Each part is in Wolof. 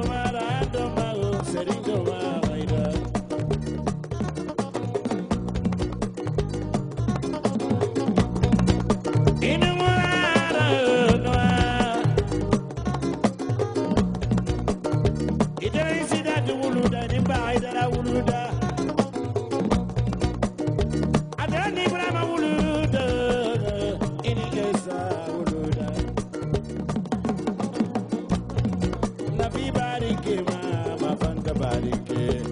No matter. barike ma mafan da barike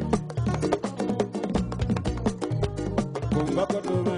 kun bako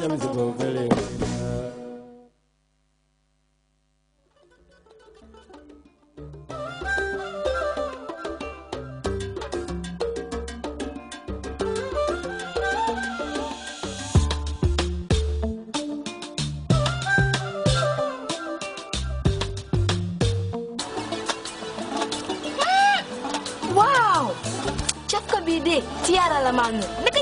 dem si ko fële waaw cafka bii de ci yàlla la maa ngi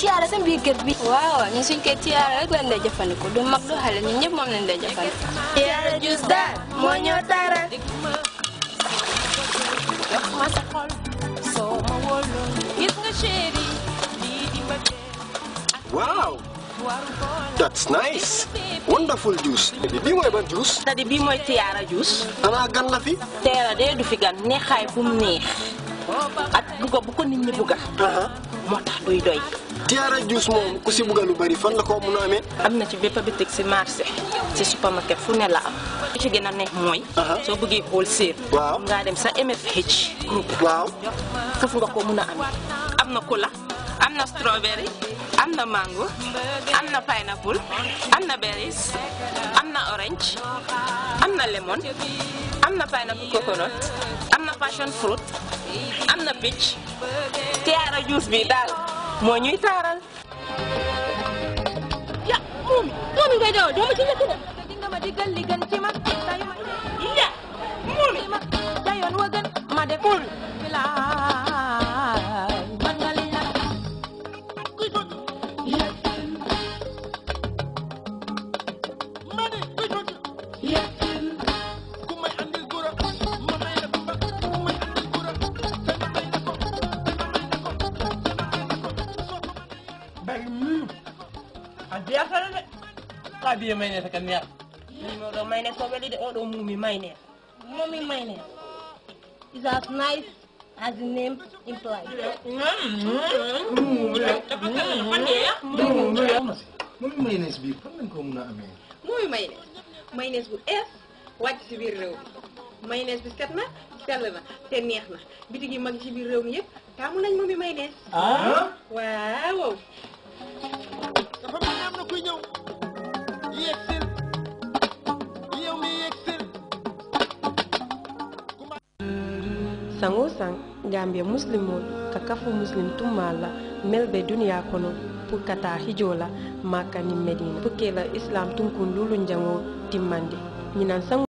tiara sen bi geut bi waaw ñu suñ ke tiara rek lañ day jëfandiku du mag du xalé ñun ñëpp mom lañ day jëfandiku tiara jus da mo ñu tara Wow, that's nice. Wonderful juice. Bii mooy ban juice? Tadi bii mooy tiara juice. Ana gan la fi? Teera dee du fi gan neexaay bu neex. At buga bu ko nit ñi buga. Moo tax doy. Tiara Juice moom ku si bugg lu bari fan la ko mun amee. am na ci bépp bitik si marché si supermarket fu ne la am. li ci gën a neex mooy. soo bëggee xool séer. waaw ngaa dem sa MFH groupe. waaw foofu nga ko mun a amee. am na cola am na strawberry am na mango am na pineapple am na berries am na orange am na lemon am na pineapple coconut am na passion fruit am na peach Tiara Juice bi daal. moo ñuy taaral. ya moom moom ngay dawal doo ma ci njëkk de. di nga ma digal li gën ha biye mayne ta kan miyar ɗo mayne ko ɓe ɗiɗi oɗo oh, mumi mayne mumi mayne is as nice as the name implies hmm. mumi maynes bi kamɗen ko muna amen mumi maynes maynes bu es wàcc si biir réew mi maynes bi set na sell na te neex na bitigi mag ci biir réew mi yëpp taamu nañ mumi maynes Ah? waaw sango o saŋ gambia musilimol ka kafu musilim tummal la mel be duniya kono pour ka taa hijoo la makka medina pour ke la islam tunkun lulu jango timmandi ñinan